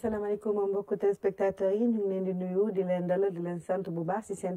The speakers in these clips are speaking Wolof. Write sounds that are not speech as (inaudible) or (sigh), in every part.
asalaamaaleykum mbokki beaucoup de ñu ngi leen di nuyu di leen dalal di leen sant bu baax si seen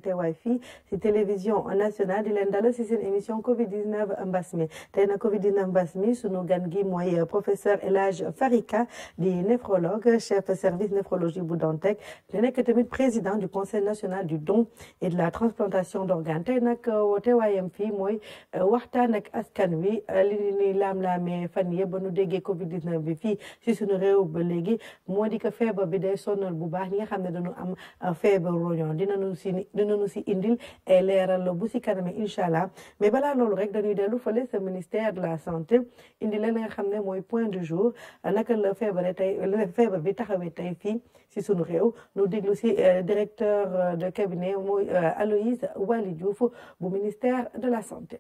si télévision nationale di leen dalal si seen émission Covid 19 mbas mi tey Covid 19 mbas mi sunu gan gi professeur Elage Farika di néphrologue chef service néphrologie bu Dantec di nekk tamit président du conseil national du don et de la transplantation d'organes tey nag euh, teewaayam fii mooy euh, waxtaan ak askan wi euh, li ni Lam laamee fanny, yëpp ba Covid 19 bi fi si sunu réew ba léegi moo di que feebar bi day sonal bu baax ñi nga xamné dañu am euh, feebar roñon dinañu si dinañu si indil euh, leral lo bu si kaname incha allah mais bala lolu rek dañuy delu feulé ce ministère de la santé indi leen nga xamné moy point du jour euh, naka la tay tey feebar bi taxawé tay fi si sunu réew nu déglu si directeur de cabinet moy Aloïse Waly Diouf bu ministère de la santé.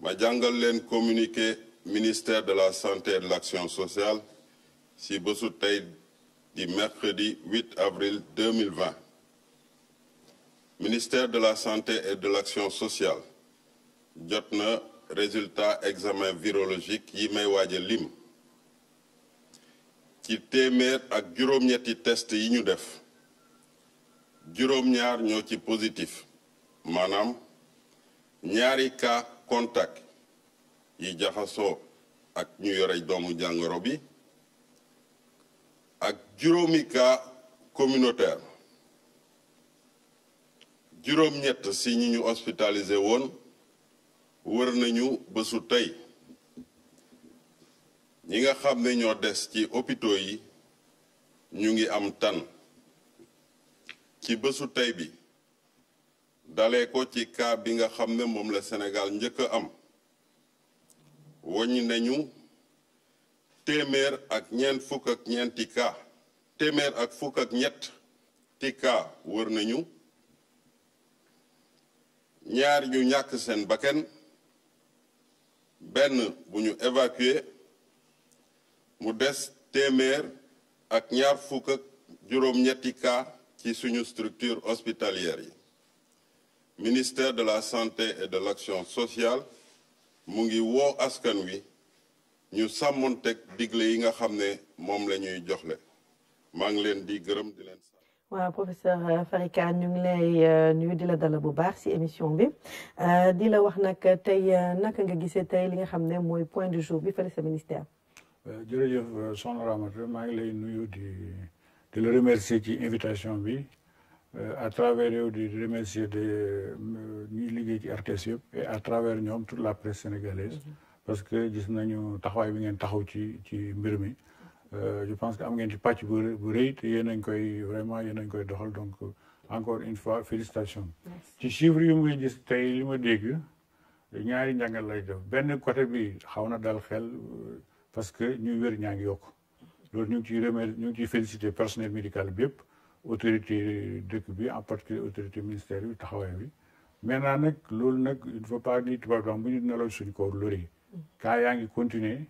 ma jangal len communiquer ministère de la santé et de l'action sociale si bésu tey du mercredi 8 avril 2020. ministère de la santé et de l'action sociale obtenu le résultat examen virologique de may a lim ci témer ak un ñetti test yi ñu def ñaar positif Manam, ñaari un contact yi a ak ñu yore doomu ak juróomi cas communautaire juróom-ñett si ñi ñu hospitalisé woon wër nañu bésu tey ñi nga xam ne ñoo des ci hôpitaux yi ñu ngi am tànn ci bésu tey bi dalee ko ci kaa bi nga xam ne moom la Sénégal njëkk am waññ nañu téeméer ak ñeent fukk ak ñeenti cas téeméer ak fukk ak ñett ti kaa wër nañu ñaar ñu ñàkk seen bakken benn bu ñu évacué mu des téeméer ak ñaar fukk ak juróom-ñetti kaa ci suñu structure hospitalière yi ministère de la santé et de l'action sociale mu ngi woo askan wi ñu sàmmonteg digle yi nga xam ne moom lañuy joxle maa ngi leen di gërëm di leen waaw professeur euh, Farika ñu ngi lay euh, nuyu di la dalal bu baax si émission bi euh, di la wax nag tey naka nga gisee tey li nga xam ne mooy point du jour bi fële sa ministère. jërëjëf soxna Ramata maa ngi lay nuyu di di la remercier ci invitation bi à travers yow di remercier de ñuy liggéey et à travers ñoom toute la presse sénégalaise mm-hmm. parce que gis nañu taxawaay bi ngeen taxaw ci ci mbir je pense que am ngeen ci pàcc bu bu rëy te yéen a ngi koy vraiment yéen a ngi koy doxal donc encore une fois félicitations. ci chiffre yu muy gis tey li ma dégg ñaari njàngal lay def benn côté bi xaw na dal xel parce que ñuy wér ñaa ngi yokk loolu ñu ngi ciy remercier ñu ngi ciy féliciter personnel médical bi yëpp autorité dëkk bi en particulier autorité ministère bi taxawaay bi maintenant nag loolu nag il ne faut pas ni tubaab bi bu ñu nelaw suñu kaw lori. kaa yaa ngi continuer.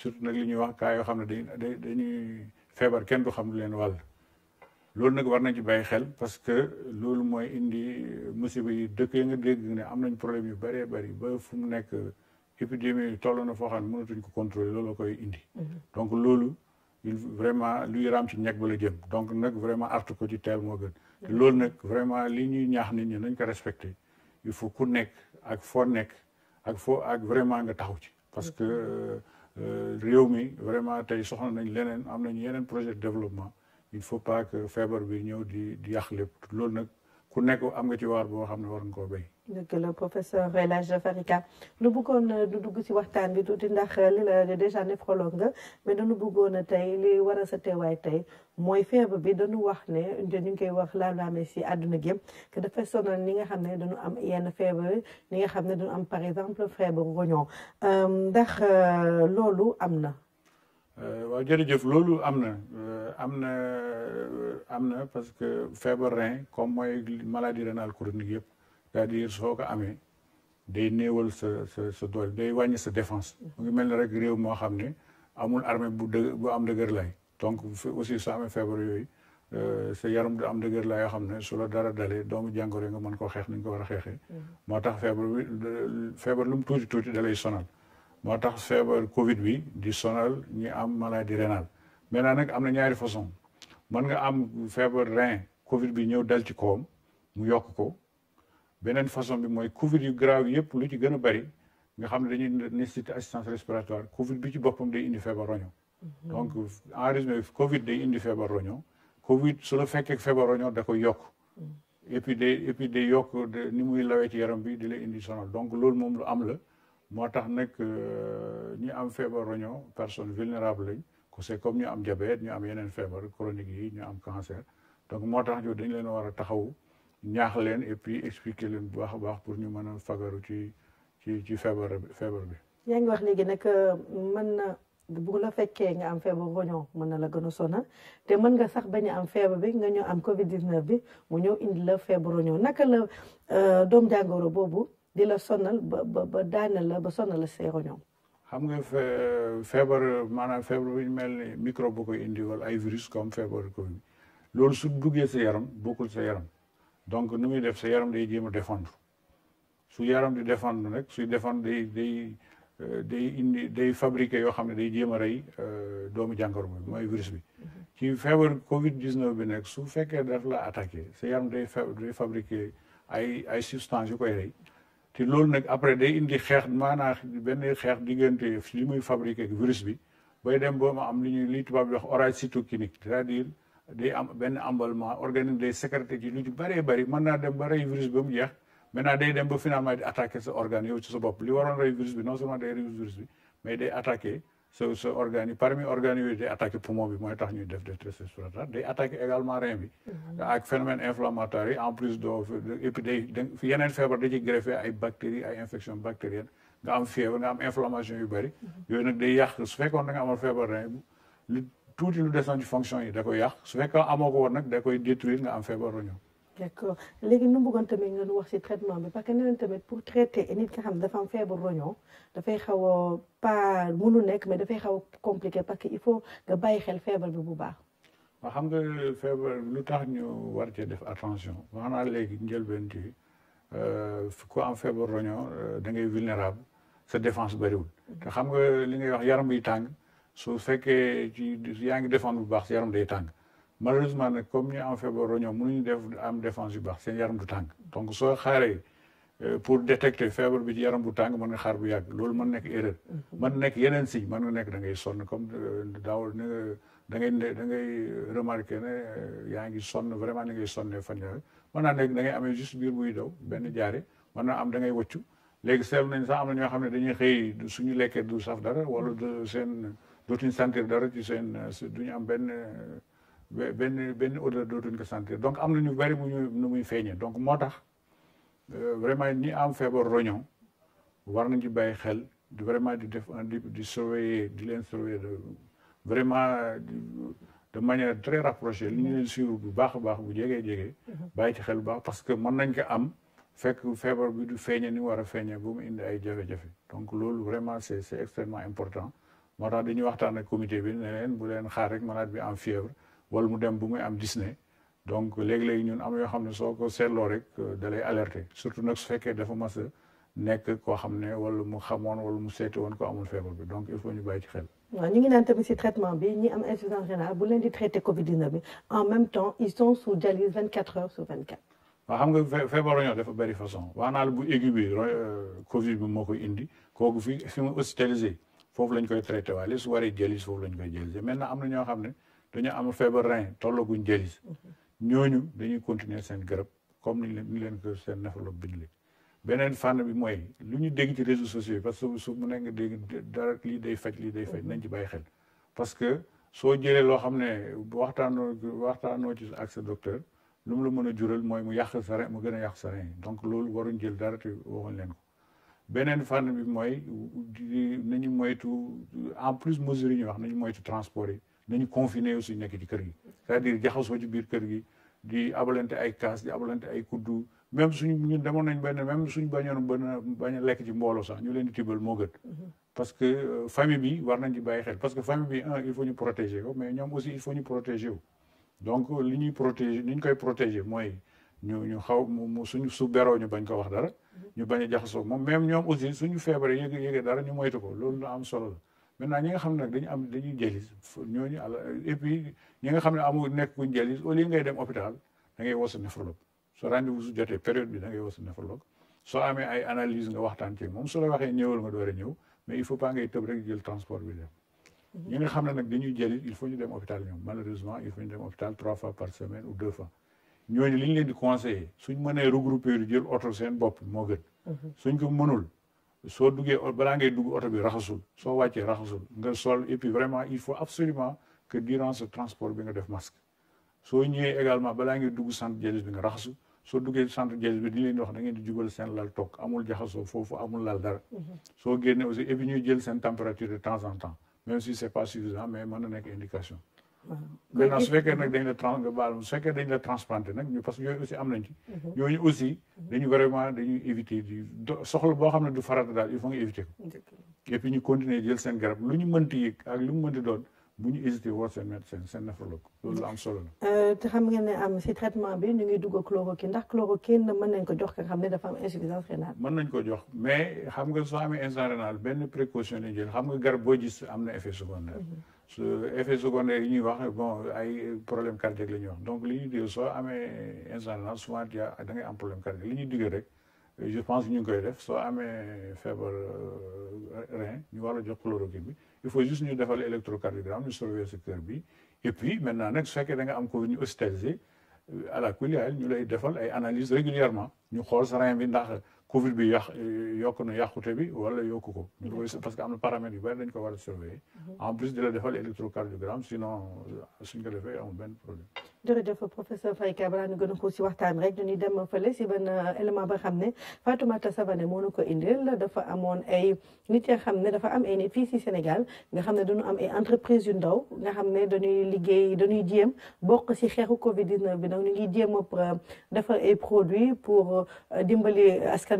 surtout nag li ñuy wax cas yoo xam ne dañuy dañuy feebar kenn du xam lu leen wàll loolu nag war nañ ci bàyyi xel parce que loolu mooy indi musiba yi dëkk yi nga dégg ne am nañ problème yu bëree bëri ba fu mu nekk épidémie yi toll na foo xam ne mënatuñ ko contrôler loolu koy indi. Mhm. donc loolu il vraiment lu raam ci ñeg ba la jëm donc nag vraiment artu ko ci teel moo gën. te loolu nag vraiment li ñuy ñaax nit ñi nañ ko respecté il faut ku nekk ak foo nekk ak foo ak vraiment nga taxaw ci parce mhm. que. Euh, réew mi vraiment tey soxla nañ leneen am nañu yeneen projet développement il faut pas que feebar bi ñëw di di yàq lépp loolu nag ku nekk am nga ci waar boo xam ne war nga koo béy. dëgg la professeur El Hadj Farica lu bëggoon euh, du dugg ci waxtaan bi tuuti ndax euh, li la déjà néphrologue nga mais dañu bëggoon euh, tey li war a sa teewaay tey mooy feebar bi dañu wax ne ñu ngi koy wax laam-laamee si àdduna gi que dafa sonal ñi nga xam ne dañu am yenn feebar ñi nga xam ne dañu am par exemple feebar rognon ndax loolu am na. Euh, waaw jërëjëf loolu am na euh, am na euh, am na parce que feebar rein comme mooy maladie rénale chronique yëpp cest à soo ko amee day néewal sa sa sa doole day wàññi sa défense mu ngi mel ni rek réew moo xam ne amul armée bu dë bu am dëgër lay donc aussi soo amee feebar yooyu sa yaram du am dëgër laa yoo xam ne su la dara dalee doomu jàngoro nga mën koo xeex ni nga ko war a xeexee mm-hmm. moo tax feebar bi feebar tuuti tuuti dalay sonal moo tax feebar Covid bi di sonal ñi am maladie rénale maintenant nag am na ñaari façon mën nga am feebar rein Covid bi ñëw dal ci kawam mu yokk ko beneen façon bi mooy Covid yu grave yëpp lu ci gën a bari nga xam ne dañuy nécessité assistance respiratoire Covid bi ci boppam day indi feebar roño mm-hmm. donc en résumé Covid day indi feebar roño Covid su la fekkee feebar roño da koy yokk. Mm-hmm. et puis day et yokk ni muy lawee ci yaram bi di la indi sonal donc loolu moom lu am la. moo tax nag euh, ñi am feebar roño personne vulnérable lañ ko c'est comme ñu am diabète ñu am yeneen feebar chronique yi ñu am cancer donc moo tax ñu dañ leen war a taxaw ñaax leen et puis expliquer leen bu baax baax pour ñu mën a fagaru ci ci ci feebar bi feebar bi. yaa ngi wax léegi nag euh, mën na bu la fekkee nga am feebar roño mën na la gën a sonal te mën nga sax bañ am feebar bi nga ñëw am Covid bi mu ñëw indi la feebar roño naka la euh, doom jàngoro boobu. di la sonal ba ba la ba sonal la say xam nga feebar maanaam feebar bu ñu mel ni microbe bu koy indiwal ay virus comme feebar Covid loolu su duggee sa yaram bokkul sa yaram donc nu muy def sa yaram day jéem a défendre su yaram di défendre nag suy défendre day day euh, day indi day fabriqué yoo xam ne day jéem a rey euh, doomu jàngoro bi mooy virus bi mhm. ci feebar Covid 19 bi nag su fekkee daf la attaqué sa yaram day fa ay ay substance yu koy rey te loolu nag après day indi xeex maanaa benn xeex diggante li muy fabriqué ak virus bi bay dem ba mu am li ñuy li tubaab di wax orage cytokinique c'est-à-dire benn emballement organisme day sécrété ci lu ci bëree bëri mën naa dem ba rey virus bi ba mu jeex maintenant day dem ba finalement di attaqué sa organe yow ci sa bopp li waroon rey virus bi non seulement day rey virus bi mais day attaqué so so organes yi parmi organes yooyu day attaqué poumon bi mooy tax ñuy def détresse respiratoire day attaqué également rein bi mm-hmm. ak phénomène inflammatoire yi en plus doo et puis day yeneen feebar da ciy greffé ay bactéries ay infection bactérienne nga am fièvre nga am inflammation yu bëri mm-hmm. yooyu nag day yàq su fekkoon da nga amal feebar rein li tuuti lu desoon ci fonction yi da koy yàq su fekkoon amoo ko woon nag da koy détruire nga am feebar roño d' Légui léegi nu mu bëggoon tamit ngeen wax ci traitement bi parce que nee nañ tamit pour traiter nit ki nga xam dafa am fièvre roño dafay xaw a pas mënu nek mais da fay xaw compliqué parce que il faut nga bàyyi xel fièvre bi bu baax. waaw xam nga fièvre lu tax ñu war ci def attention wax naa léegi njëlbeen ci euh, ko am fièvre roño euh, da ngay vulnérable sa défense bëriwul. te xam nga li ngay wax yaram biy tang su fekkee ci yaa ngi défendre bu baax yaram day tàng. malheureusement nag comme ñu am feebar ñoom mënuñu def am défence yu baax seen yaram du tàng donc soo xaaree euh, pour détecter feebar bi ci yaram bu tàng mën nga xaar bu yàgg loolu mën nekk erreur. Mhm. mën nekk yeneen signe mën nga nekk da sonn comme euh, daaw da ngay da ngay remarqué ne euh, yaa ngi sonn vraiment ni ngay sonnee fan yàlla mën naa nekk da ngay amee juste biir buy daw benn jaare mën naa am da ngay wëccu léegi seer nañ sax am na ñoo xam ne dañuy xëy suñu lekkee du saf dara wala du seen dootuñu dara ci seen duñu am benn. benn benn odeur dootuñ ko sentir donc am na ñu bëri mu ñu nu muy feeñee donc moo tax euh, vraiment ñi am feebar roño war nañ ci bàyyi xel di vraiment di def un di di di leen surveiller vraiment de manière très rapprochée li ñu leen bu baax a baax bu jegee jegee mhm. bàyyi ci xel bu baax parce que mën nañ ko am fekk feebar bi du feeñe ni war a feeñe bu indi ay jafe-jafe donc loolu vraiment c'est c'est extrêmement important moo tax dañuy waxtaan ak comité bi ne leen bu leen xaar rek malade bi en fièvre wala mu dem bu muy am gis ne donc léegi-léegi ñun am yoo xam ne soo ko seetloo rek euh, dalay alerter surtout nag su fekkee dafa mas a nekk koo xam ne wala mu xamoon wala mu seeti woon ko amul feebar bi donc il faut ñu bàyyi ci xel. waaw ñu ngi naan tamit si traitement bi ñi am insuffisance rénale bu leen di traité Covid 19 bi en même temps ils sont sous dialyse 24 heures sur 24. waaw xam nga feebar roño dafa bëri façon wax naa bu aigu bi euh, Covid bi moo koy indi kooku fi fi mu hospitalisé foofu lañ koy traité waaye li su waree dialyse foofu lañ koy dialysé maintenant am na ñoo xam ne. dañoo am feebar rein tollaguñ dialyse ñooñu dañuy continuer seen garab comme niñ leen ni leen ko seen nefoloog bind beneen fànn bi mooy lu ñu dégg ci réseaux parce que su mu ne nga dara lii day faj lii day faj nañ ci bàyyi xel parce que soo jëlee loo xam ne waxtaanoo waxtaanoo ci ak sa docteur lu la mën a jural mooy mu yàq sa rein gën a yàq sa rein donc loolu waruñ jël dara te waxuñ leen beneen fànn bi mooy nañu moytu en plus mesures yi ñu wax nañu moytu transport yi nañu confiné wu suñ nekk ci kër gi c'est-à-dire jaxasoo ci biir kër gi di abalante ay kaas di abalante ay kuddu même suñ ñu demoon nañ benn même suñ bañoon benn bañ a lekk ci mbooloo sax ñu leen di tibbal moo gën mhm. parce que euh, famille bi war nañ ci bàyyi xel parce que famille bi un il faut ñu protéger ko mais ñoom aussi il faut ñu protéger wu li ñuy protéger ni ñu koy protéger mooy ñu ñu xaw mu suñu su beroo ñu bañ ko wax dara mhm. ñu bañ a moom même ñoom aussi suñu feebaree yëg yëgee dara ñu moytu ko loolu la am solo la maintenant ñi nga xam ne nag dañu am dañuy dialyse ñooñu et puis ñi nga xam ne amul nekk kuñ dialyse au lieu ngay dem hôpital da ngay woo sa néphrologue soo rendez-vous su jotee période bi da ngay woo sa néphrologue soo amee ay analyse nga waxtaan ci moom su la waxee ñëwal nga door a ñëw mais il faut pas ngay tëb rek jël transport bi dem mhm. ñi nga xam ne nag dañuy dialyse il faut ñu dem hôpital ñoom malheureusement il faut ñu dem hôpital trois fois par semaine ou deux fois ñooñu li ñu leen di conseillé suñ mënee regrouper jël oto seen bopp moo gën mhm. suñ ko mënul soo duggee balaa ngay dugg oto bi raxasul soo wàccee raxasul nga sol et puis vraiment il faut absolument que durant ce transport bi nga def masque soo ñëwee également balaa ngay dugg centre dialyse bi nga raxasu soo duggee centre dialyse bi di leen dox da ngeen di jubal seen lal toog amul jaxasoo foofu amul lal dara soo génnee aussi et puis ñuy jël seen température de temps en temps même si c'est pas suffisant mais mën na nekk indication maintenant su fekkee nag dañ la trans nga baal su fekkee dañ la transplanté nag ñu parce que yooyu aussi am nañ ci. ñooñu mhm. aussi mhm. dañu vraiment dañuy éviter soxla boo xam ne du farata daal il faut nga éviter ko. et puis ñu continuer lu ñu mënti yëg ak lu mu mënti doon bu ñu hésité war seen médecin seen nephrologue loolu solo la. Euh, te xam ngeen ne am si traitement dugg chloroquine ndax chloroquine mën nañ ko jox nga xam ne dafa am insuffisance rénale. mën nañ ko jox mais xam nga soo amee insuffisance rénale benn précaution lañ jël xam nga garab boo gis am na effet secondaire. Mhm. effet secondaire ñuy wax bon ay problème cardiaque la ñuy wax donc li ñuy digal soo amee instant souvent da ngay am problème cardiaque li ñu digal rek je pense ñu ngi koy def soo amé feebar euh, rein ñu war jox chloroquine bi il faut juste ñu defal électrocardiogramme ñu surveiller sa cœur bi et puis maintenant nak su fekkee da nga am ko ñu hospitaliser euh, à la kulli ñu lay defal ay analyses régulièrement ñu xol sa rein bi ndax. Covid bi yàq yokk na yàqute bi wala yokku ko. parce que am na paramètres yu bëri dañu ko war a surveiller. Mhm. en plus di la defal électrocardiogramme sinon suñ ko defee amul benn problème. jërëjëf professeur Faye Ka balaa ñu gën a xuus si waxtaan rek ñu dem fële si benn euh, élément ba xam ne Fatoumata sabane moo ko indil dafa amoon ay nit yoo xam ne dafa am ay nit fii si Sénégal nga xam ne dañu am ay entreprise yu ndaw nga xam ne dañuy liggéey dañuy jéem bokk si xeexu Covid 19 bi nag ñu ngi jéem a euh, defar ay produits pour euh, dimbali askan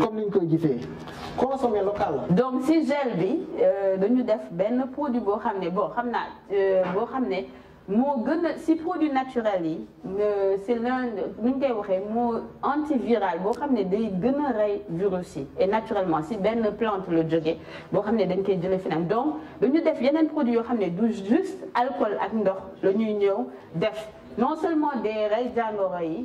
comme ni ñu koy gisee consommer local la. donc si gel bi euh, dañu def ben produit boo xam ne bon xam naa euh, boo xam ne moo produit naturel yi euh, c'est l'un nu ñu koy waxee antiviral boo xam ne day gën a rey virus et naturellement si benn plante le jógee boo xam ne dañ koy jëlee finam donc dañu def yeneen produit yoo xam ne du juste alcool ak ndox la ñuy ñëw def non seulement des rey jàngoro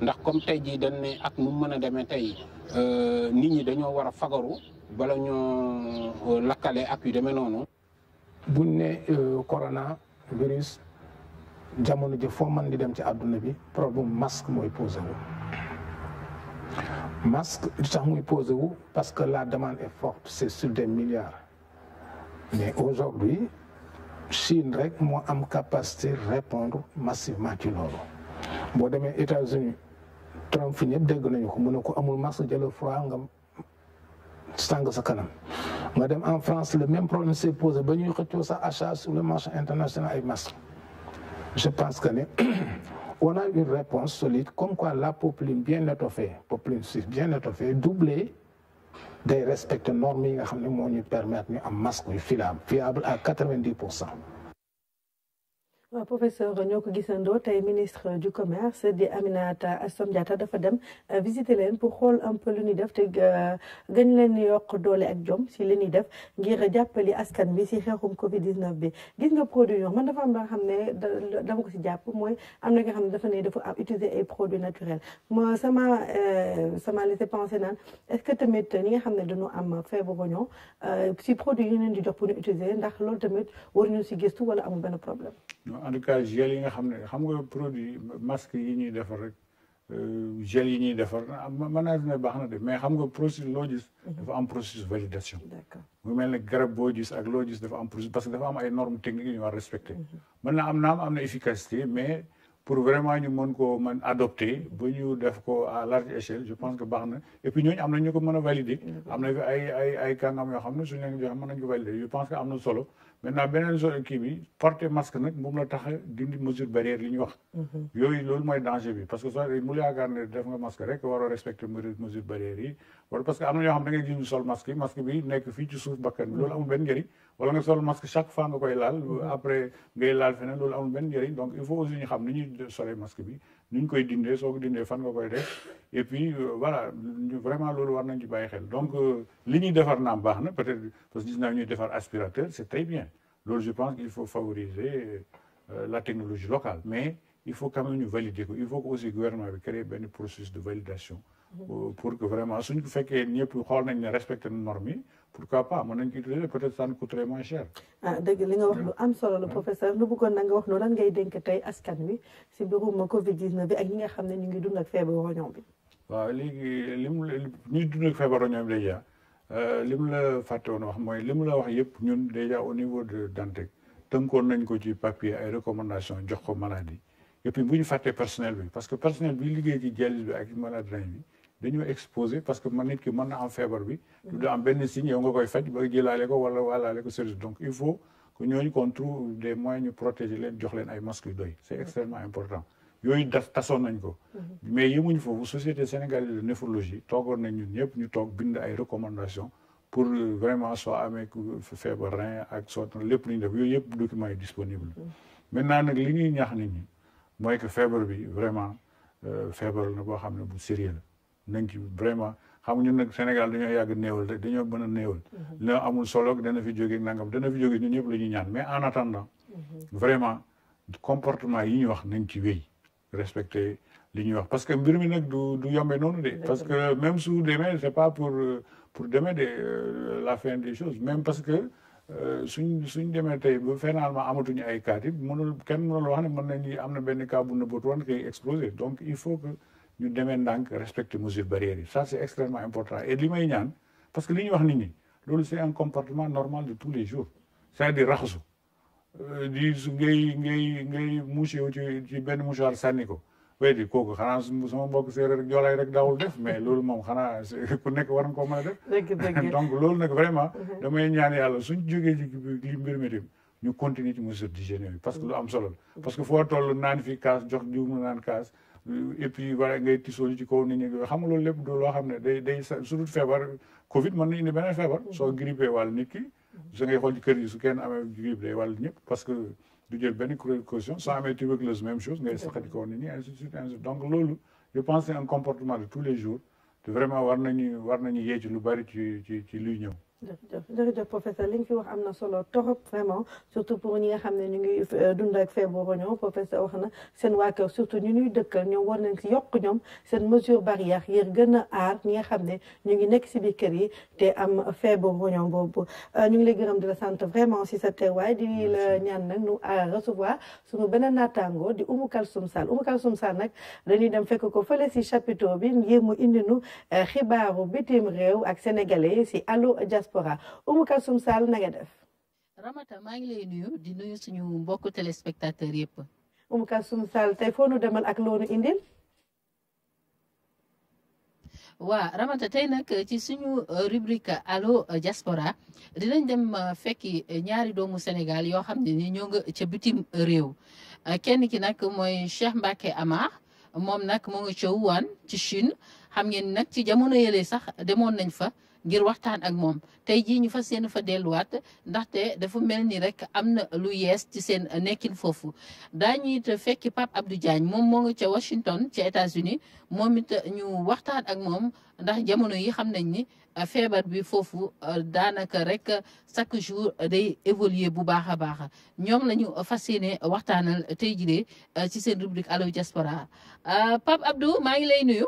ndax comme tey jii dañ né ak mu mën démé tay euh nit ñi dañoo wara fagaru bala ñoo euh, lakalé ak yu demee noonu. buñ euh, corona virus jamono ji fo man di dem ci aduna bi problème masque moy posé wu. masque li tax muy posé wu parce que la demande est forte c'est sur des milliards mais aujourd'hui Chine rek mo am capacité répondre massivement ci loolu bo démé États-Unis Trump fi ñëpp nañu ko mu ne ko amul masque jëlal froid nga sàng sa kanam nga dem en France le même problème s'est posé ba ñuy xëccoo sa achat sur le marché international ay masque je pense que (clears throat) on a une réponse solide comme quoi la popeline bien étoffée popeline suisse bien étoffée doublée des respecter normes yi nga xam mo moo permettre ñu am masque fiable fiable à 90% waaw euh, professeur ñoo ko gisandoo tey ministre du commerce di Aminata Assome Diata dafa dem euh, visiter leen pour xool un peu lu ñuy def te euh, gën leen yokk doole ak jom si li ñuy def ngir jàppali askan bi si xeexum Covid 19 bi gis nga produit yoo man dafa am nga xam ne dama ko si jàpp mooy am na nga xam ne dafa ne dafa utiliser ay produits naturels ma sama sama laissé penser naan est-ce que tamit ñi nga xam ne dañoo am feebu roñon si produit yi ñu leen di jox pour ñu utiliser ndax loolu tamit waruñu si gëstu wala amul benn problème. en tout cas gel yi nga xam ne xam nga produit masque yi ñuy defar rek euh, gel yi ñuy defar manaat na baax na de mais xam nga processus loo gis mhm. dafa am processus mu mel ne garab boo gis ak loo gis dafa am processus parce que dafa am ay normes technique yu ñu war respecté mhm. mën na am naam am na efficacité mais pour vraiment ñu mën koo mën adopté ba ñu def ko à large échelle je pense que baax na et puis ñooñu am na ñu ko mën a validé mhm. am na ay ay ay kàngam yoo xam ne suñu leen joxe mën nañu ko validé je pense que am na solo maintenant benen zone ki bi porté masque nak mom la taxé dindi mesure barrière li ñuy wax. yoy lool moy danger bi parce que soo mu yaakaar ne def nga masque rek waro respecter mesure barrière yi wala parce que amna na ñoo xam da ngay gis ñu sol masque masque bi nek fi ci souf bakkan lool amul ben njëriñ wala nga sol masque chaque fois nga koy laal après ngay laal fenen lool amul ben njëriñ donc il faut aussi ñu xam ni ñuy soler masque bi. Nous, koy dindee soo ko dindee fan nga koy def et puis euh, voilà vraiment loolu war nañ ci bàyyi xel donc euh, li ñuy defar naam baax na peut-être parce que gis naa ñuy defar aspirateur c'est très bien loolu je pense qu'il faut favoriser euh, la technologie locale mais il faut quand même ñu valider il faut que le gouvernement bi créer benn processus de validation mmh. pour que vraiment suñ ko fekkee ñëpp xool nañ ne respecté normes yi pourquoi pas Mon peut être ça nous coûterait moins cher. ah Je li nga am solo le professeur lu wax lan Covid 19 nga ne ñu ngi dund ak bi. waaw déjà euh, la nous wax déjà au niveau de Dantec tënkoon nañ ko ci papier ay recommandation jox ko maladie et puis vous ñu personnel parce que personnel bi liggéey dialyse maladie dañoo exposé parce que man nit ki mën na am feebar bi. du da am benn signe yow nga koy faj ba jëlaale ko wala walaale ko service donc il faut que ñooñu qu'on trouve des moyens ñu protéger leen jox leen ay masque yu doy. c' est extrêmement important yooyu da tasoon nañ ko. Mhm. mais yemuñu foofu société sénégalaise de néphrologie toogoon nañ ñun ñëpp ñu toog bind ay recommandations pour vraiment soo amee feebar rein ak soo lépp lu ñu def yooyu yëpp document yi disponible mhm. maintenant nag li ñuy ñaax nit ñi mooy que feebar bi vraiment euh, feebar na boo xam ne bu sérieux la. nañ ci vraiment xam ñun nag Sénégal dañoo yàgg néewal rek dañoo mën a néewal la amul solo dana fi jóge nangam dana fi jóge ñun ñëpp la ñuy ñaan mais en attendant mhm. vraiment comportement yi ñuy wax nañ ci wéy respecter li ñuy wax parce que mbir mi nag du du yombee noonu de parce que même su demee c'est pas pour pour demee de euh, la fin des choses même parce que euh, suñ suñ demee tey ba finalement amatuñu ay cas yi mënul kenn mënul wax ne mën nañu am na benn cas bu nëbbatu woon kay il faut ñu demee ndànk respecte mesures barrières yi ça c'est extrêmement important et li may ñaan parce que li ñu wax nit ñi loolu c'est un comportement normal de tous les jours c'est-à-dire raxasu euh, di ngay ngay ngay moucher ci benn mouchoir sànni ko wéy di kooku xanaa sama mbokk séeréer joolaay rek loolu moom xanaa ku nekk war nga koo (laughs) loolu vraiment mm-hmm. damay ñaan yàlla suñ jógee ci li mbir mi dem ñu continuer ci mesures d'hygiène yooyu parce que lu am solo la mm-hmm. parce que foo toll naan fii kaas jox diw naan kaas et puis voilà ngay tisoon ci ko nit ñi xam nga lepp do lo loo day day surtout dul Covid man na indi beneen so mm-hmm. soo grippé wàll nit ki mm-hmm. su ngay xool ci kër yi su kenn amé grippe day wàll ñëpp parce que du jël benn précaution soo amee tuberculose même chose ngay saxati ko kaw nit ñi ainsi de suite ainsi donc loolu je pense c'est un comportement de tous les jours de vraiment war nañu war nañu yee lu bari ci ci ci luy ñëw jërëjëf jërëjëf professeur li ñu fi wax am na solo torop vraiment surtout pour ñi nga xam ne ñu ngi euh, dund ak feebaru ñoom professeur wax na seen waa kër surtout ñu ñuy dëkkal ñoom war nañ si yokk ñoom seen mesure barrière yër gën a aar ñi nga xam ne ñu ngi nekk si biir kër yi te am feebaru ñoom boobu euh, ñu ngi lay gërëm di la sant vraiment si sa teewaay di la ñaan nag nu euh, recevoir sunu beneen naataango di umu Kalsoum sal umu Kalsoum sal nag dañuy dem fekk ko fële si chapiteau bi ngir indi nu xibaaru bitim réew ak sénégalais si Allo Diaspora diaspora Oumou Kalsoum Sall na Ramata maa ngi lay nuyu di nuyu suñu mbokku téléspectateur yëpp. Oumou Kalsoum Sall tey foo nu demal ak loonu indil. waa Ramata tey nag ci suñu euh, rubrique allo euh, diaspora dinañ dem euh, fekki ñaari doomu Sénégal yoo xam ne ni ñoo nga ca bitim réew kenn ki nag mooy Cheikh Mbacke Amar moom nag moo ngi ca Wuhan ci Chine xam ngeen nag ci jamono yële sax demoon nañ fa. ngir waxtaan ak moom tey jii ñu fas yéene fa delluwaat ndaxte dafa mel ni rek am na lu yees ci seen nekkin foofu daañu it fekki Pape Abdou Diagne moom moo nga ca Washington ca États-Unis moom it ñu waxtaan ak moom ndax jamono yi xam nañ ni euh, feebar bi foofu euh, daanaka rek chaque jour day évoluer bu baax a baax ñoom lañu ñu fas yéene waxtaanal tey jii euh, ci seen rubrique alo Diaspora Pape Abdou maa ngi lay nuyu.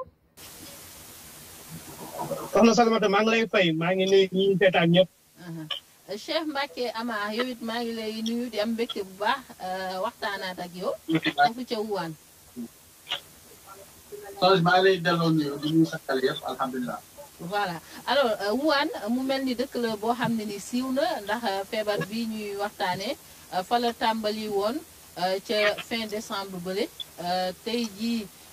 soxna Salimata maa ngi lay fay maa ngi nuyu ñi ñu seetaan ñëpp. Uh-huh. Uh, Cheikh Mbacke Amar maa ngi lay nuyu di am mbégte bu baax uh, waxtaanaat ak yow. dafa ca wuwaan. maa lay delloo nuyu di nuyu sakkal yëpp alhamdulilah. voilà alors uh, Wuhan mu mel ni dëkk la boo xam ne ni siiw na ndax feebar bi ñuy waxtaanee fa la tàmbali woon ca fin décembre bële tey jii.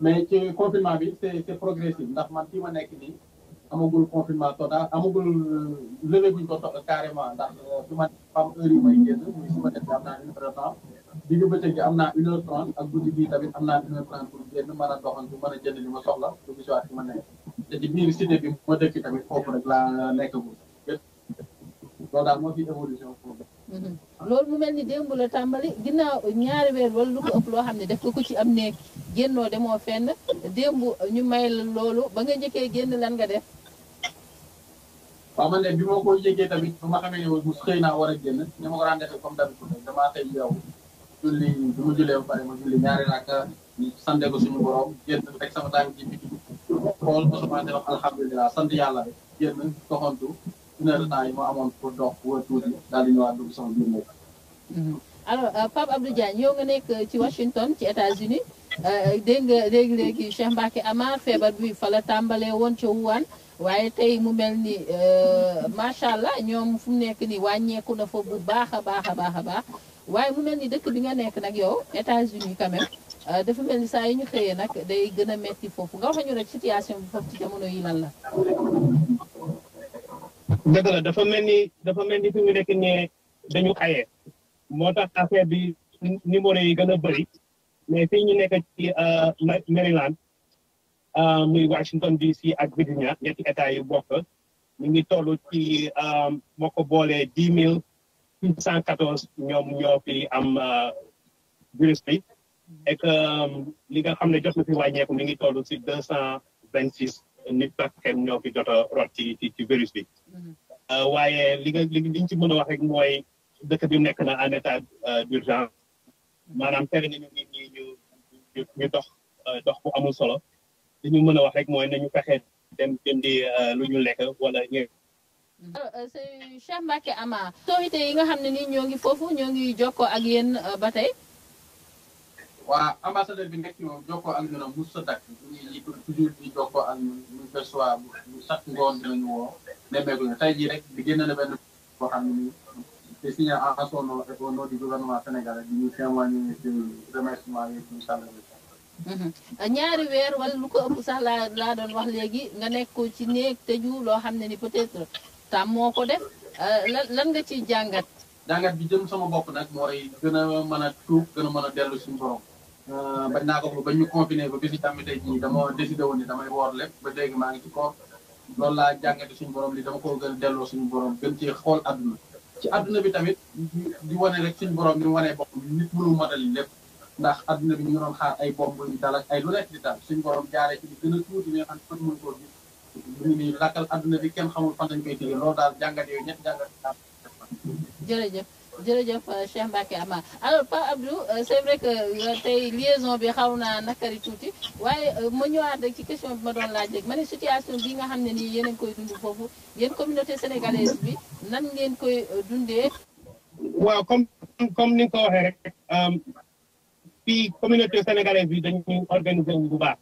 mais ci confinement bi c' est c' ndax man fii ma nekk nii amagul confinement daal amagul lële euh, buñ ko toog carrément ndax euh, fi ma am heure yi may génn muy su ma nekk am naa une heure temps am naa une ak guddi gi tamit am naa une heure trente pour génn mën a doxantu a jënd li ma soxla pour bisiwaat fi ma nekk te ci biir cité bi ma dëkk tamit foofu rek laa nekkagul loolu daal moo fi évolution Mm-hmm. loolu mu mel ni démb la tàmbali ginnaaw ñaari weer wala lu ko ëpp loo xam ne def ko ko ci am néeg génnoo demoo fenn démb ñu may la loolu ba nga njëkkee génn lan nga def. waaw man ne bi ma ko yëgee tamit bu ma xamee ne bu xëy naa war a génn ni ma ko daan defee comme d'habitude damaa julli bi ma jullee ba pare ma julli ñaari raaka ñu sante ko suñu borom génn rek sama tànk ci biti ko sama def sant yàlla rek génn doxantu. une heure de amoon pour dox wala tuuti daal yow nga nekk euh, ci Washington ci États-Unis euh, dégg nga léegi léegi Cheikh Mbacké Amar feebar bi fa la tàmbalee woon ci Wuhan waaye tey mu mel ni euh, macha allah ñoom fu mu nekk nii wàññeeku na foog bu baax a baax a baax a baax waaye mu mel ni dëkk bi nga nekk nag yow États-Unis quand dafa mel ni saa yi ñu xëyee nag day gën a metti foofu nga wax ñu rek situation bi foofu ci jamono yi lan la. dëgg dafa mel ni dafa mel ni fi mu nekk nii dañu xayee moo tax affaire bi numéro yi gën a bëri mais fii ñu nekk ci euh, Maryland euh, muy Washington DC ak Virginia ñetti état yu bokk ñu ngi toll ci boo euh, ko boolee dix mille six cent quatorze ñoom ñoo fi am virus bi et li nga xam ne jot na fi wàññeeku mi ngi toll ci deux cent vingt six nit ak kenn ñoo fi jot a rot ci ci ci virus bi. Mm-hmm. Uh, waaye li nga li ñu ci mën a wax rek mooy dëkk bi nekk na a état uh, d'urgence maanaam tere nañu nit ñi ñu ñu dox uh, dox bu amul solo li ñu mën a wax rek mooy nañu fexe dem jëndi lu ñu lekk wala ñu. Mm-hmm. Euh, Cheikh Mbacké Amar autorité yi nga xam ne ni ñoo ngi foofu ñoo ngi jokkoo ak yéen ba waa ambassadeur bi nekk ñoo jokkoo ak ñoom mu sa dakk li toujours di joko ak ñu perçoit bu chaque ngoon dinañu woo nemmeeku ñu tey jii rek di génn na benn boo xam te signé en son nom et au nom du gouvernement sénégalais di ñu témoigner de remerciement yi mhm. ñaari lu ko ëpp sax la laa doon wax léegi nga nek ci néeg tëju loo xam ni peut être tam moo def euh, lan nga bi jëm sama bopp nag mooy gën a mën a tuub gën borom Euh, bañ naa ko ba ñu confiné ba bisu jàmm tey jii dama décidé woon ni damay woor lépp ba léegi maa ngi ci koor lool laa jàngate suñu borom li dama ko gën delloo suñu borom gën ci xool àdduna ci àdduna bi tamit di wane rek suñu borom ni mu wanee bopp nit mënu matal lépp ndax àdduna bi ñu ngi doon ay bomb yu dal ak ay lu nekk dal suñu boroom jaaree ci li gën a tuuti nga xam ne mën àdduna bi kenn xamul fan lañ koy dige loolu daal jàngat yooyu ñett jàngat jërëjëf jërëjëf euh, Cheikh Mbacke Ama alors Pa Abdou euh, c'est vrai que euh, tey liaison bi xaw naa nakari tuuti waaye ma ñëwaat rek ci question bi ma doon laaj rek ma situation bi nga xam ne nii yéen a ngi koy dund foofu yéen communauté sénégalaise nan ngeen koy dundee. waaw comme comme ni nga ko waxee rek fii communauté sénégalaise bi dañuy organiser wu bu baax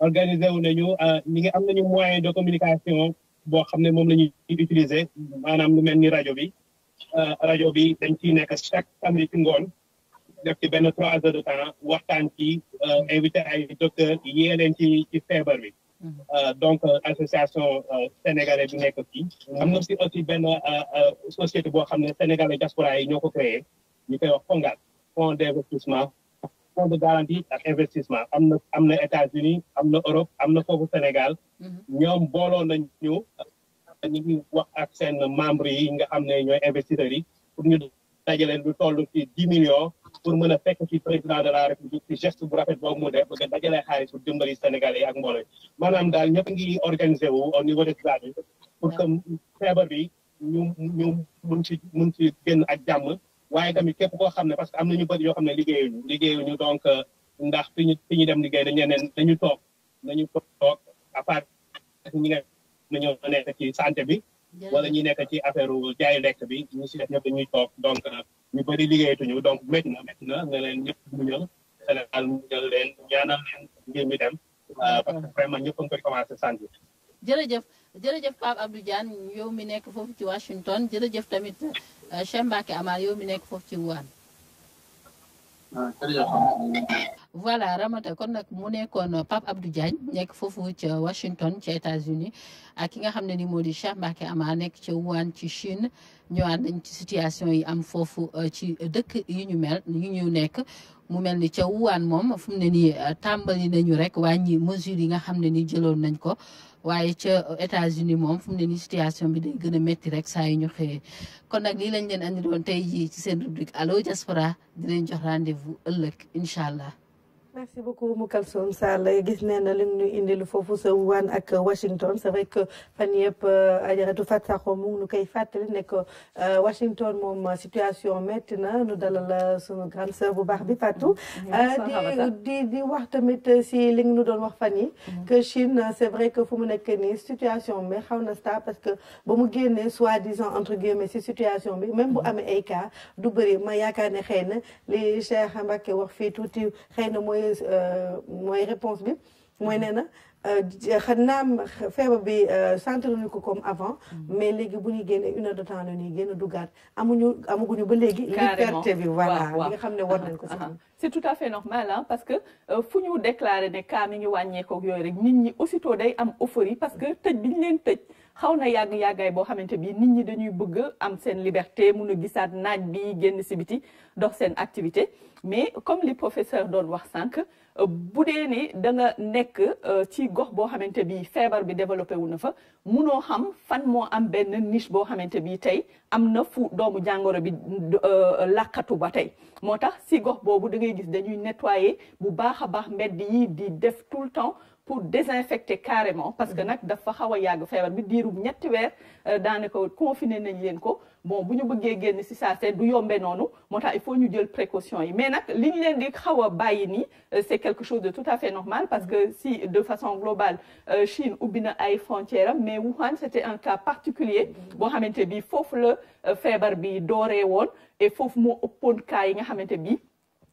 organiser wu nañu ñi ngi am nañu moyen de communication boo xam ne moom la ñuy utiliser maanaam lu mel ni rajo bi. Euh, rajo bi dañ ciy nekk chaque samedi ngoon def ci benn trois heures de temps waxtaan ci euh, invité ay docteur yee leen ci ci bi mm-hmm. euh, donc association sénégalais bi nekk fii am na si aussi benn société boo xam ne sénégalais diaspora yi ñoo ko créé ñu koy wax FONGAL fonds d' investissement fonds de garantie ak investissement am na am na États-Unis am na Europe am na foofu Sénégal mm-hmm. ñoom booloo nañ ñu ñu ngi wax ak seen membres yi nga xam ne ñooy investisseurs pour ñu dajaleen lu toll ci dix millions pour mën a fekk ci président de la république ci geste bu rafet boo mu def parce que dajalee xaalis pour dimbali Sénégalais yi ak mbooloo maanaam daal ñëpp ngi organisé wu au niveau de village pour que feebar bi ñu ñu mun ci mun ci génn ak jàmm waaye tamit képp koo xam ne parce que am na ñu bëri yoo xam ne liggéeyuñu liggéeyuñu donc ndax fi ñu fi ñu dem liggéey dañu neen dañu toog dañu toog à part ñoo nekk ci santé bi wala ñu nekk ci affaire jaay lekk bi ñu si def ñëpp dañuy toog donc ñu bëri liggéeyatuñu donc métti na métti na nga leen ñëpp muñal Sénégal muñal leen ñaanal leen mbir mi dem euh, parce que vraiment ñëpp a ngi santé jërëjëf jërëjëf Pape Abdou yow mi nekk foofu ci Washington jërëjëf tamit euh, Cheikh Mbacké Amar yow mi nekk foofu ci Wuhan voilà Ramata kon nag mu nekkoon Pape Abdou Diagne nekk foofu ca Washington ca États-Unis ak ki nga xam ne ni moo di Cheikh Mbacké Amar nekk ca Wuhan ci Chine ñëwaat nañ ci situation yi am foofu euh, ci dëkk yi ñu mel yi ñu nekk mu mel ni ca Wuhan moom fu mu ne nii euh, tàmbali nañu rek wàññi mesure yi nga xam ne ni jëloon nañ ko. waaye ca États-Unis moom fu mu ne ni situation bi day gën a métti rek saa yu ñu xëyee kon nag lii lañ leen andi doon tey jii ci seen rubrique allo diaspora di leen jox rendez-vous ëllëg incha allah. merci beaucoup Moukalsoum Sall gis nee na li ñu indil foofu sa waan ak Washington c'est vrai que fan a euh, ajaratu Fat Sakho mu ngi nu koy fàttali ne euh, Washington moom euh, situation métti na nu dalal sunu grande sœur bu baax bi Fatou. Mm-hmm. di di di wax tamit si li nga nu doon wax fan mm-hmm. que Chine c'est vrai que fu mu nekk nii situation mais xaw sta parce que ba mu génnee soi-disant entre guillemets si situation bi même bu mm-hmm. amee ay du bëri ma yaakaar ne xëy les li Cheikh Mbacké wax fii tuuti xëy na mooy euh, moy réponse bi moy nee na euh, xanaa feebar bi centre euh, ñu ko comme avant mm. mais léegi bu ñu génnee une heure de temps la ñuy génn duggaat amuñu amaguñu ba léegi liberté bi voilà li nga xamné war nañ ko uh-huh, sax uh-huh. c'est tout à fait normal hein, parce que fu ñu déclaré ne cas mi ngi ko ak yooyu rek nit ñi aussitôt day am euphorie parce que tej bi ñu leen tëj xaw na yàgg yàggaay boo xamante bi nit ñi dañuy bëgg am seen liberté mëna a naaj bi génn sibiti dox seen activité mais comme les professeurs doon wax sank euh, boudé né da nga nek euh, ci gox bo xamanteni bi feebar bi développé wu na fa munoo xam fan mo am ben niche bo xamanteni bi tey am na fu doomu jangoro bi euh, làqatu ba tay motax ci gox bobu da ngay gis dañuy nettoyer bu baax baax mbedd yi di def tout le temps pour désinfecter carrément parce que mhm. nak dafa xawa yag yàgg bi dirou ñetti weer euh, daanaka confiné nañ leen ko bon buñu bëggé bëggee génn si saa seet du yombé nonu moo il faut ñu jël précaution yi mais nak liñ ñu leen di xawa a euh, c'est quelque chose de tout à fait normal parce que si de façon globale euh, Chine ubbi ay frontières mais Wuhan c'était un cas particulier bo xamanté bi fofu le feebar bi doré won et fofu mo ëppoon cas yi nga xamanté bi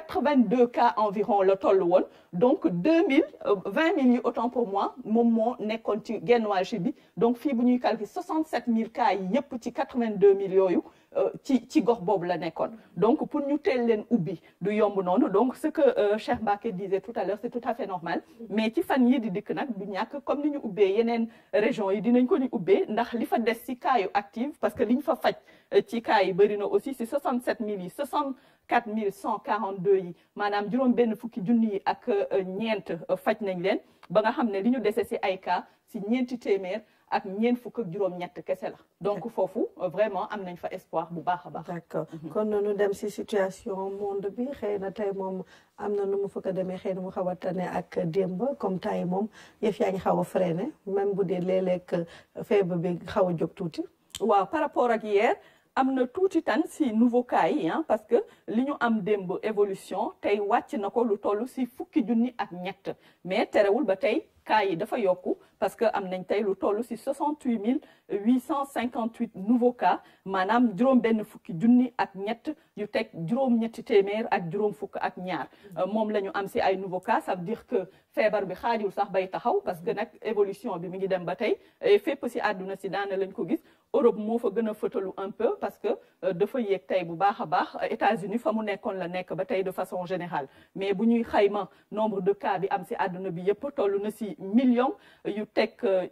82 cas environ la toll donc 2000 20 millions autant pour moi moment, moo nekkoon ci genn bi donc fi buñuy calculer 67 000 cas yi ci 82 millions yooyu euh, ci ci gox bobu la nekkoon donc pour ñu tel leen ubi du yomb donc ce que euh, Cheikh Mbacké disait tout à l'heure c'est tout à fait normal mais ci fan yi di dik nak du ñak comme niñu ñu yenen région yi dinañ ko ñu ubbee ndax li fa des ci cas yu active parce que liñ fa fajj euh, ci cas yi bari na aussi ci 67 000 60 4142 yi maanaam juróom benn fukki junni yi ak euh, ñeent euh, faj nañ leen ba nga xam ne li ñu dese si ay ka si ñeenti téeméer ak ñeent fukk ak juróom-ñett kese la donc foofu euh, vraiment am nañ fa espoir bu baax a baax. d'accord mhm. kon nu dem si situation monde bi xëy na tey moom am na nu mu fëkk a xëy na mu xaw a tane ak démb comme temps yi moom yëf yaa añ xaw a freiné même bu dee léeg-léeg feebar bi xaw a jóg tuuti. waaw par rapport ak hier. amna touti tous tan si nouveau cas yi hein, parce que nous avons am une évolution tay wacc nako lu tollu si fukki junni ak ñett mais téréwul ba cas yi dafa yokku parce que am nañ lu tollu 68 858 nouveaux cas Nous avons ben fukki junni ak ñett yu tek ñett témèr ak ak ñaar euh, am si ay nouveaux cas ça veut dire que bi sax bay taxaw parce que évolution bi mi ngi dem ba tay Europe mo fa gëna a un peu parce que euh, dafa yek tay bu baaxa baax États-Unis fa mu la nekk ba tay de façon générale mais bu ñuy xayma nombre de cas bi am ci aduna bi yëpp tollu na ci millions yu tek euh,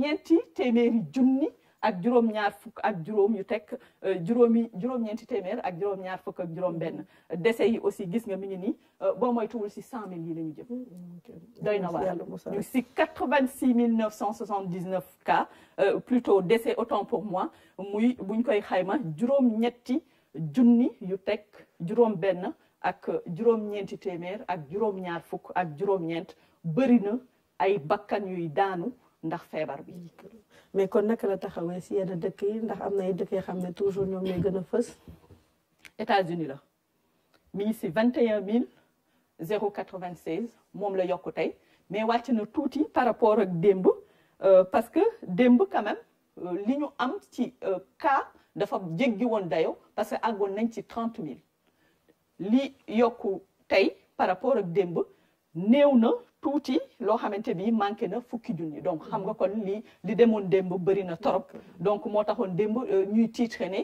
ñeenti téméri junni. ak juróom-ñaar fukk ak juróom yu teg euh, juróomi juróom-ñeenti téeméer ak juróom-ñaar fukk ak juróom-benn dese yi aussi gis nga mi ngi nii euh, boo moytuwul si cent mille yi la ñu jëm. Mm, doy na waar ñu si quatre-vingt-six mille neuf cent soixante-dix-neuf cas euh, plutôt décès autant pour mois muy buñ koy xayma juróom-ñetti junni yu teg juróom-benn ak juróom-ñeenti téeméer ak juróom-ñaar fukk ak juróom-ñeent bëri na ay bakkan yuy daanu. ndax feebar bi. mais kon naka la toujours États-Unis la 21 la yokku tey mais wàcc na tuuti par rapport ak euh, parce que démb quand même euh, li am ci euh, cas parce que nañ 30 000 li yokku par rapport ak démb néew na. tuuti loo xamante ni manqué na fukki junni donc xam nga mhm. kon li li demoon démb bëri na trop donc moo taxoon démb euh, ñuy titre ne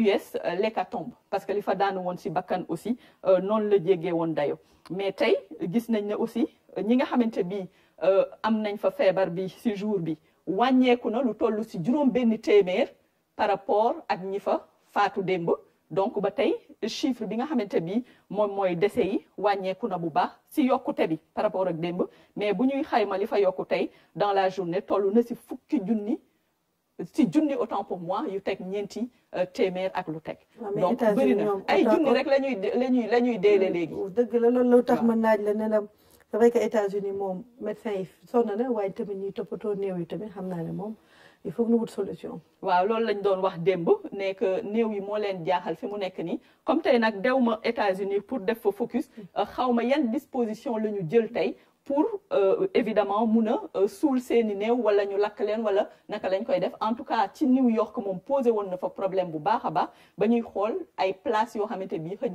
US euh, euh, l'hécatombe parce que li fa daanu woon si bakkan aussi noonu la jege woon dayo mais tey gis nañ ne aussi ñi nga xamante bi am nañ fa feebar bi si jour bi wàññeeku na lu toll si juróom benn téeméer par rapport ak ñi fa faatu démb donc batay chiffre bi nga xamante bi moy mooy dese yi na bu baax si yokkute bi par rapport ak mais buñuy xayma li fa dans la journée na si fukki avez si autant pour moi yu tek ñenti euh, témèr ak lu tek donc ay qui rek lañuy lañuy léegi. tax ma naaj la la c'est vrai que États-Unis mom médecin yi sonn na tamit topoto il faut que ñu wut solution. waaw loolu lañ doon wax démb ne que néew yi moo leen jaaxal fi mu nekk nii comme tey nag dew ma États-Unis pour def fa focus euh, xaw ma yan disposition la jël tey pour euh, évidemment mouna a euh, suul seeni néew wala ñu lakk leen wala naka lañ koy def en tout cas ci New York moom posé woon na fa problème bu baax a ba ñuy xool ay place yoo xamante bi xëj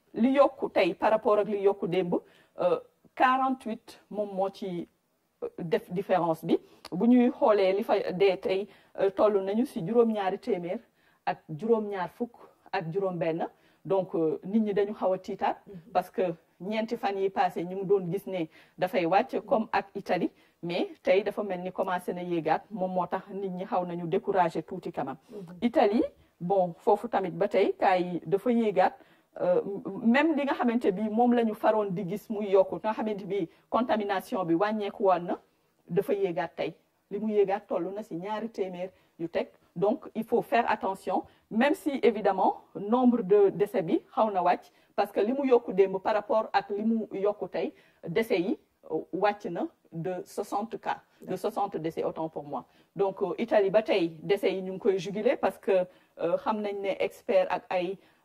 li yokku tey par rapport ak li demb euh 48 mom mo ci euh, def différence bi bu ñuy xoolee li fa dé tay euh, tollu nañu ci juróom-ñaari témèr ak juróom-ñaar fukk ak juróom ben donc euh, nit ñi dañu xaw a mm-hmm. parce que ñenti fan yi passé ñu doon gis né da fay wacc comme ak Italie mais tay dafa melni ni commencé na yéegaat mom moo tax nit ñi xaw nañu décourager touti quand mm-hmm. Italie bon fofu tamit ba tay kay dafa yéegaat euh, même li nga xamanté bi mom lañu farone di gis muy yokku nga xamanté bi contamination bi wàññeeku woon na dafa yéegaat tay li mu yéegaat toll na ci ñaari témèr yu teg donc il faut faire attention même si évidemment nombre de décès bi xawna wacc parce que li mu yokku demb par rapport ak li mu yokku tay décès yi euh, wacc na de 60 cas de 60 décès autant pour moi donc euh, Italie ba tey décès yi ñu koy juguler parce que xam nañ ne expert ak ay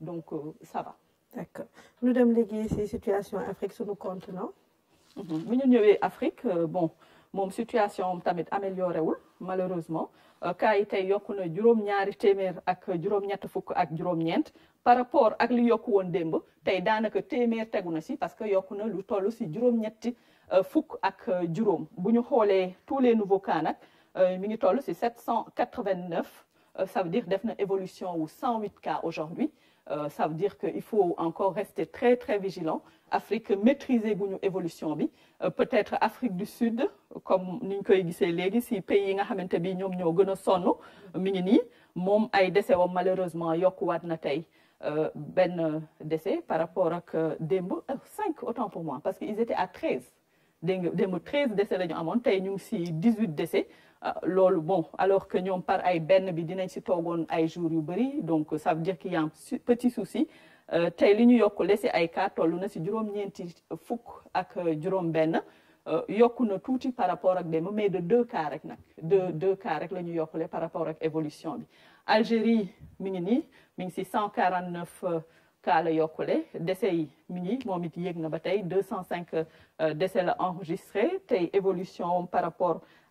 donc euh, ça va. d'accord Nous lu dem ces situations en Afrique comptes, non Nous sommes en Afrique euh, bon moom situation tamit amélioré wul malheureusement euh, cas yi tey yokku na juróom-ñaari téeméer ak juróom-ñett fukk ak juróom-ñeent par rapport ak li yokku woon démb tey daanaka téeméer tegu na si parce que yokku na lu toll si juróom-ñetti fukk ak juróom Si ñu xoolee tous les nouveaux cas il y a eu 789 ça veut dire def évolution wu 108 cas aujourd'hui euh, ça veut dire qu'il faut encore rester très, très vigilant. Afrique maîtriser l'évolution. évolution bi euh, peut-être Afrique du Sud comme ni koy si légui si pays yi nga xamante bi ñoom ñoo gëna sonu mi ngi ni mom ay décès wam malheureusement wat na euh, ben décès par rapport ak euh, démb 5 autant pour moi parce qu'ils étaient à 13. dégg 13 décès la ñu amoon ñu si 18 décès ah, Lol bon alors que ñom par ay ben bi dinañ ci toogoon ay jours yu bari donc ça veut dire qu'il y a un petit souci euh, tay li ñu yokk lesi ay cas tollu na ci juróom ñenti fuk ak euh, juróom ben euh, yokku na par rapport ak démb mais de deux cas rek nak de deux cas rek lañu ñu par rapport ak évolution bi. Algérie mi ngi mi ngi 149 cas la yokkule décès yi mi ngi moom na ba tay 205 décès la enregistré tay évolution par rapport.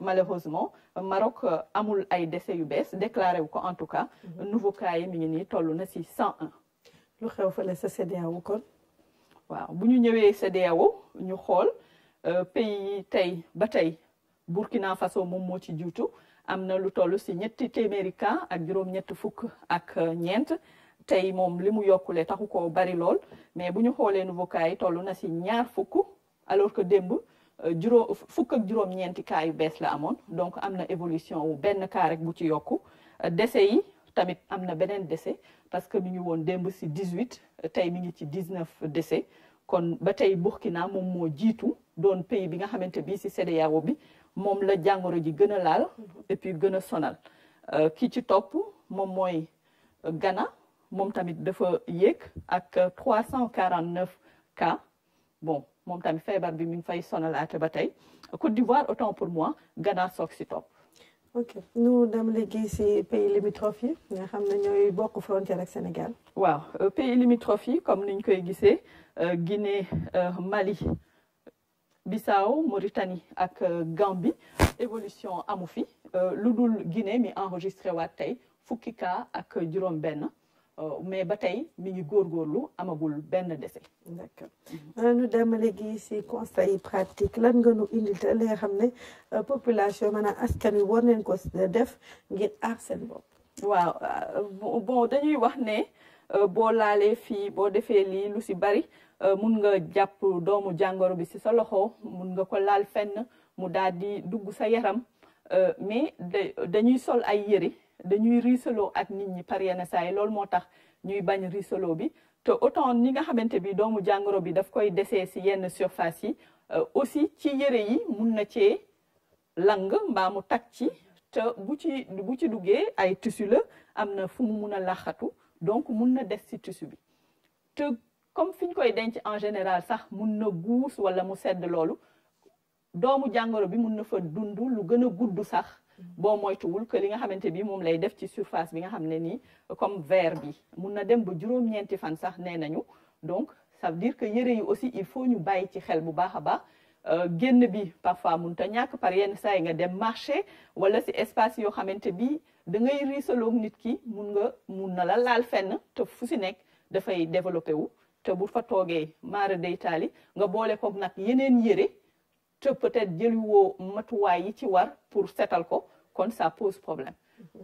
malheureusement Maroc euh, amul ay décès yu bees déclaré ko en tout cas. Mhm. nouveau cas yi mi ngi nii toll na ci 101. lu xew fële sa CEDEAO kon. waaw buñu ñëwé ñëwee ñu xol euh, pays tay batay Burkina Faso mom mo ci juutu amna lu tollu ci ñetti téeméeri ak juroom ñett fuk ak euh, ñent tay mom limu yokulé taxuko bari lol mais buñu xolé nouveau cas yi tollu na ci ñaar fuk alors que demb euh, juróom fukk ak juróom-ñeenti cas la amone donc amna évolution wu benn cas rek bu ci yokku euh, décès yi tamit amna benen décès parce que mi ngi woon démb 18 tay mi ngi ci 19 décès kon ba tay Burkina mom mo jitu don pays bi nga xamanté bi ci CEDEAO bi mom la jangoro ji gëna laal et puis gëna sonal euh, ki ci top mom moy Ghana mom tamit dafa yek, ak 349 cas bon moom tamit bi mi fay sonalaate ba Côte d'Ivoire autant pour moi Ghana soog si topp. ok nous sommes les pays limitrophes Nous avons beaucoup de frontières avec frontière Sénégal. waaw euh, pays limitrophes comme comme niñ koy sont euh, Guinée euh, Mali Bissau Mauritanie ak Gambie évolution à Moufi. Guinée mais enregistré à tey Fukika avec ak Euh, mais ba tey mi ngi góorgóorlu amagul benn dese. d'accord euh, ñu dem léegi si conseil pratique lan nga nu indil te li nga xam ne euh, population maanaam askan wi war neen ko def ngir arsen seen bopp. waaw bo dañuy wax ne boo laalee fii boo defee lii lu si bari mun nga jàpp doomu jàngoro bi si sa loxo mun nga ko laal fenn mu daal dugg sa yaram mais dañuy sol ay yëre. dañuy nous ak nit ñi par yenn saa yi loolu ñuy bañ bi te autant ñi nga xamante bi doomu jàngoro bi daf koy si yenn surface yi euh, aussi ci yi mun na cee lang mbaa mu ci te bu ci bu ci ay tissu am fu mu donc na comme en général sax mun na guus wala mu loolu doomu bi na fa boo moytuwul que li nga xamante bi moom lay def ci surface bi nga xam ne nii comme verre bi mun na dem ba juróom-ñeenti fan sax nee nañu donc ça veut dire que yëre yi aussi il faut ñu bàyyi ci xel bu baax a baax euh, génn bi parfois mun ta ñàkk par yenn saa yi nga dem marché wala si espace yoo xamante bi da ngay riisaloog nit ki mun nga mun na la laal fenn te fu si nekk dafay développé wu te bu fa toogee maara day taali nga boole koog nag yeneen yére te peut-être jëliwoo matuwaay yi ci war pour setal ko kon ça pose problème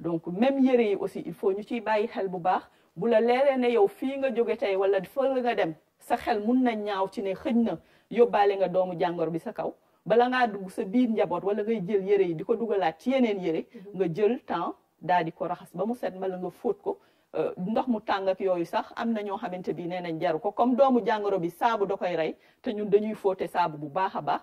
donc même yëre yi aussi il faut ñu ciy bàyyi xel bu baax bu la leeree ne yow fii nga jóge tey wala fël nga dem sa xel mun na ñaaw ci ne xëj na yóbbaale nga doomu jàngoro bi sa kaw bala ngaa dugg sa biir njaboot wala ngay jël yëre yi di ko dugalaat ci yeneen yëre nga jël temps daal di ko raxas ba mu set mala nga fóot ko euh, ndox mu tàng yooyu sax am na ñoo xamante bi nee nañ jaru ko comme doomu jàngoro bi saabu da koy rey te ñun dañuy fóote saabu bu baax a baax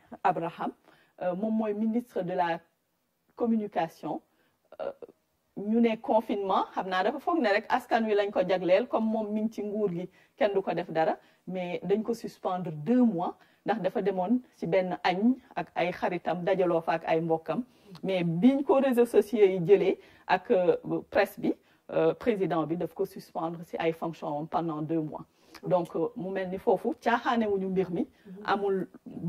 Abraham euh, mon ministre de la communication euh, nous sommes confinement nous avons dafa askan comme mon ministre ci mais suspendre deux mois ndax dafa ci ak ay xaritam mais réseaux sociaux euh, presse le président bi suspendre ses fonctions pendant deux mois donc euh, mu mel ni foofu caaxaane ñu mbir mi amul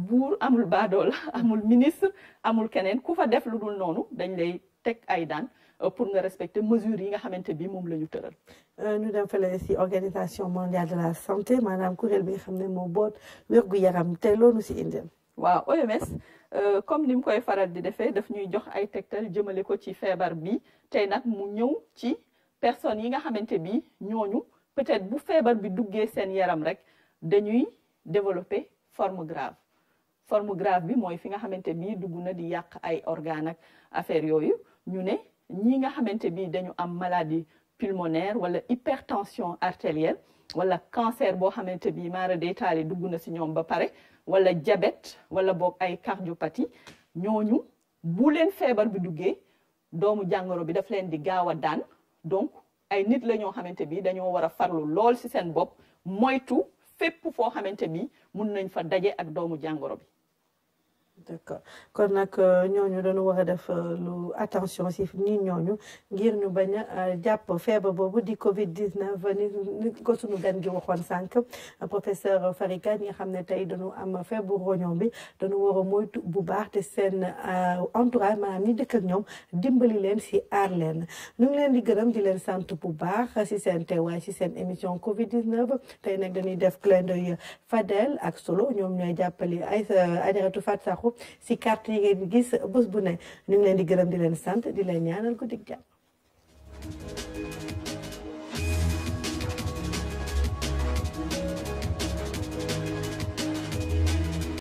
buur amul baadool (laughs) amul ministre amul keneen ku fa def lu dul noonu dañ lay teg ay daan euh, pour nga respecter mesures yi nga xamante bi moom la ñu tëral. nu euh, dem fële si organisation mondial de la santé maanaam kuréel bi nga xam ne moo boot wérgu yaram te loolu si indil. waaw OMS comme ni koy faral di defee daf ñuy jox ay tegtal jëmale ko ci feebar bi tey nag mu ñëw ci personnes yi nga xamante bi ñooñu. peut-être bu feebar bi duggé sen yaram rek dañuy développer forme grave forme grave bi moy fi nga xamanté bi dugg di yak ay organes ak affaire yoyu ñu né ñi nga xamanté bi dañu am maladie pulmonaire wala hypertension artérielle wala cancer bo xamanté bi mara day taali ci ñom ba paré wala diabète wala bok ay cardiopathie ñoñu bu leen feebar bi duggé doomu jangoro bi daf leen di gawa daan donc ay nit la ñoo xamante bi dañoo war a farlu lool si seen bopp moytu fépp foo xamante bi mun nañ fa daje ak doomu jàngoro bi d'accord kon nak euh, ñooñu dañu war def euh, lu attention si nit ñooñu ngir ñu baña euh, japp febe bobu di Covid 19 ni ko suñu gan gi waxoon sank professeur Fariga ñi nga xam dañu am febe roñon bi dañu wara moytu bu baax te sen entourage manam ni dekk ak ñom dimbali leen si aar leen ñu ngi leen di gërëm di leen sant bu baax si seen teewaay ci sen émission Covid 19 tay nak dañuy def clin d'œil Fadel ak Solo ñom ñoy jappali ay Ajaratu fatsa yàqu si carte yi ngeen gis bés bu ne ñu ngi leen di gërëm di leen sant di leen ñaanal guddi jàmm